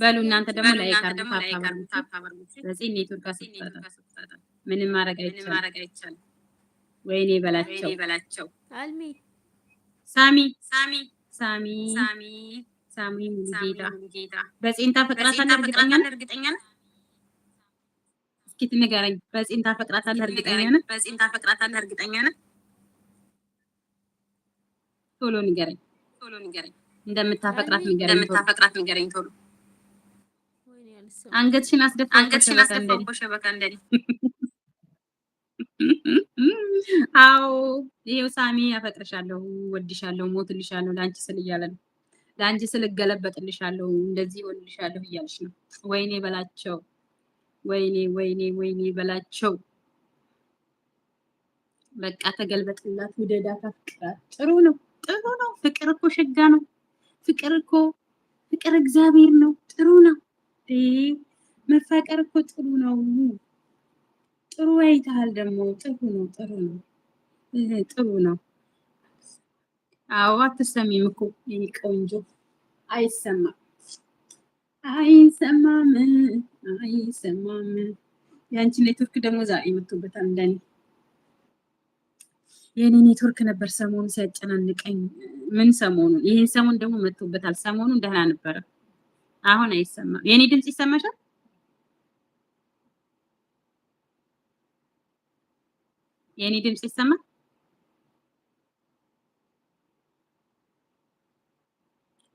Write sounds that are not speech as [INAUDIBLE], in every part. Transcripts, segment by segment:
በሉ እናንተ ደግሞ ላይ ምንም ማድረግ አይቻልም። ወይኔ በላቸው ሳሚ ሳሚ ሳሚ ሳሚ ሳሚ ሙሉጌታ በፂን ታፈቅራታለህ? እርግጠኛ ነህ? እስኪ ንገረኝ። በፂን ታፈቅራታለህ? እርግጠኛ ነህ? በፂን ታፈቅራታለህ? እርግጠኛ ነህ? ቶሎ ንገረኝ። ቶሎ ንገረኝ። እንደምታፈቅራት ንገረኝ። እንደምታፈቅራት ንገረኝ ቶሎ። አንገትሽን አስደፋ አንገትሽን አስደፋ ሸበካ እንደኔ። [LAUGHS] አዎ ይሄው ሳሚ ያፈቅርሻለሁ፣ ወድሻለሁ፣ ሞትልሻለሁ ለአንቺ ስል እያለ ነው። ለአንቺ ስል እገለበጥልሻለሁ፣ እንደዚህ ወድልሻለሁ እያለች ነው። ወይኔ በላቸው፣ ወይኔ ወይኔ ወይኔ በላቸው። በቃ ተገልበጥላት፣ ጥሩ ነው። ጥሩ ነው። ፍቅር እኮ ሸጋ ነው። ፍቅር እኮ ፍቅር እግዚአብሔር ነው። ጥሩ ነው። መፋቀር እኮ ጥሩ ነው። ጥሩ አይተሃል ደግሞ ጥሩ ነው። ጥሩ ነው። ጥሩ ነው። አዎ አትሰሚም እኮ ቆንጆ፣ አይሰማም፣ አይሰማም፣ አይሰማም። የአንቺ ኔትወርክ ደግሞ ዛሬ መቶበታል እንደኔ የኔ ኔትወርክ ነበር ሰሞኑን ሲያጨናንቀኝ። ምን ሰሞኑን ይህን ሰሞን ደግሞ መጥቶበታል። ሰሞኑን ደህና ነበረ፣ አሁን አይሰማም። የኔ ድምፅ ይሰማሻል? የኔ ድምፅ ይሰማል?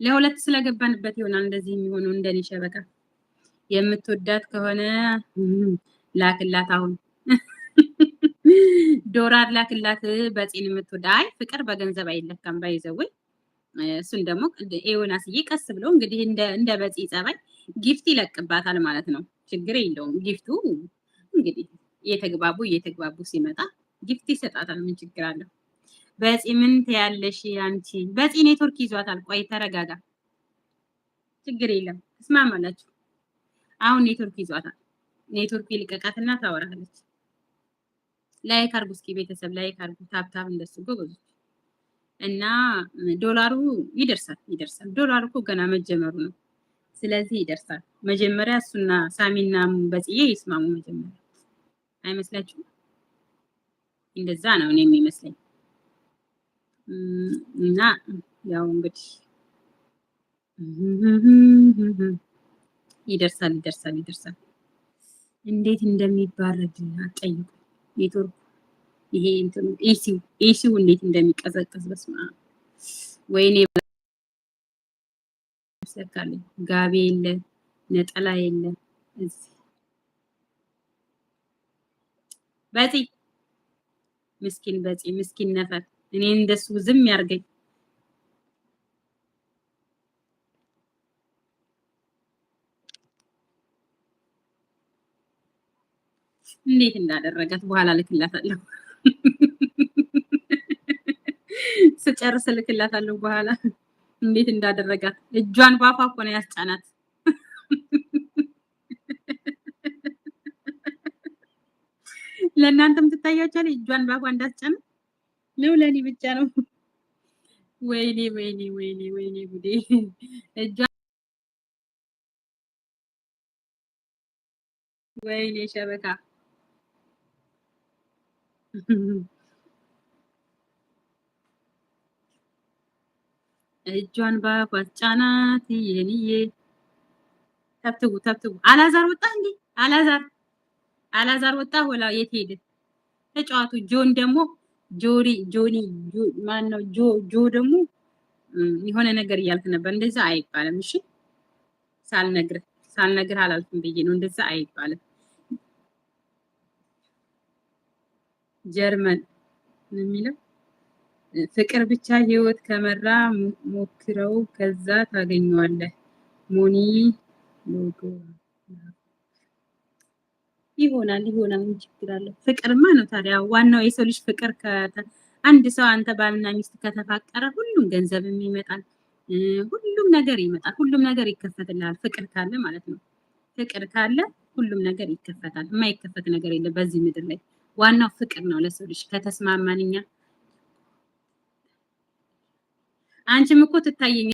ለሁለት ስለገባንበት ይሆናል እንደዚህ የሚሆነው። እንደኔ ሸበቃ የምትወዳት ከሆነ ላክላት አሁን ዶራ አድላክላት በፂን የምትወዳይ ፍቅር በገንዘብ አይለካም። ባይዘውኝ እሱን ደግሞ ስዬ ቀስ ብሎ እንግዲህ እንደ በፂ ጸባይ ጊፍት ይለቅባታል ማለት ነው። ችግር የለውም። ጊፍቱ እንግዲህ እየተግባቡ እየተግባቡ ሲመጣ ጊፍት ይሰጣታል። ምን ችግር አለው? በፂ ምን ትያለሽ አንቺ? በፂ ኔትወርክ ይዟታል። ቆይ ተረጋጋ፣ ችግር የለም። ተስማማላችሁ? አሁን ኔትወርክ ይዟታል። ኔትወርክ ይልቀቃትና ታወራለች። ላይክ ካርጉ እስኪ ቤተሰብ ላይክ አርጉ። ታብታብ እንደሱ ጎበዙት እና ዶላሩ ይደርሳል ይደርሳል። ዶላሩ እኮ ገና መጀመሩ ነው። ስለዚህ ይደርሳል። መጀመሪያ እሱና ሳሚና በጽዬ ይስማሙ መጀመሪያ። አይመስላችሁም? እንደዛ ነው እኔ የሚመስለኝ። እና ያው እንግዲህ ይደርሳል ይደርሳል ይደርሳል። እንዴት እንደሚባረድ አጠይቁ ኔትወርኩ ይሄ እንትኑ ኤሲው ኤሲው እንዴት እንደሚቀዘቅዝ በስማ ወይኔ ሰካለኝ ጋቢ የለ ነጠላ የለ እዚህ በፂ ምስኪን በፂ ምስኪን ነፈር እኔ እንደሱ ዝም ያርገኝ። እንዴት እንዳደረጋት በኋላ ልክላታለሁ። ስጨርስ ልክላታለሁ በኋላ እንዴት እንዳደረጋት እጇን ባፏ እኮ ነው ያስጫናት። ለእናንተም ትታያችኋል። እጇን ባፏ እንዳስጫነ ነው፣ ለእኔ ብቻ ነው። ወይኔ ወይኔ ወይኔ ወይኔ ጉዴ እጇ ወይኔ ሸበካ [LAUGHS] እጇን በአፏ ጫናት የኔዬ። ተብትቡ ተብትቡ። አላዛር ወጣ እንዴ? አላዛር አላዛር ወጣ። ሆላ የት ሄደ? ተጫዋቱ ጆን ደግሞ ጆሪ ጆኒ ማን ነው? ጆ ጆ ደግሞ የሆነ ነገር እያልክ ነበር። እንደዛ አይባልም። እሺ፣ ሳልነግርህ ሳልነግርህ አላልኩም ብዬ ነው። እንደዛ አይባልም። ጀርመን ነው የሚለው። ፍቅር ብቻ ህይወት ከመራ ሞክረው፣ ከዛ ታገኘዋለህ። ሞኒ ሎጎ ይሆናል ይሆናል፣ ምን ችግር አለው? ፍቅርማ ነው ታዲያ ዋናው የሰው ልጅ ፍቅር። አንድ ሰው አንተ ባልና ሚስት ከተፋቀረ ሁሉም ገንዘብም ይመጣል፣ ሁሉም ነገር ይመጣል፣ ሁሉም ነገር ይከፈትልሃል። ፍቅር ካለ ማለት ነው። ፍቅር ካለ ሁሉም ነገር ይከፈታል። የማይከፈት ነገር የለም በዚህ ምድር ላይ። ዋናው ፍቅር ነው ለሰው ልጅ ከተስማማንኛ አንቺም እኮ ትታየኝ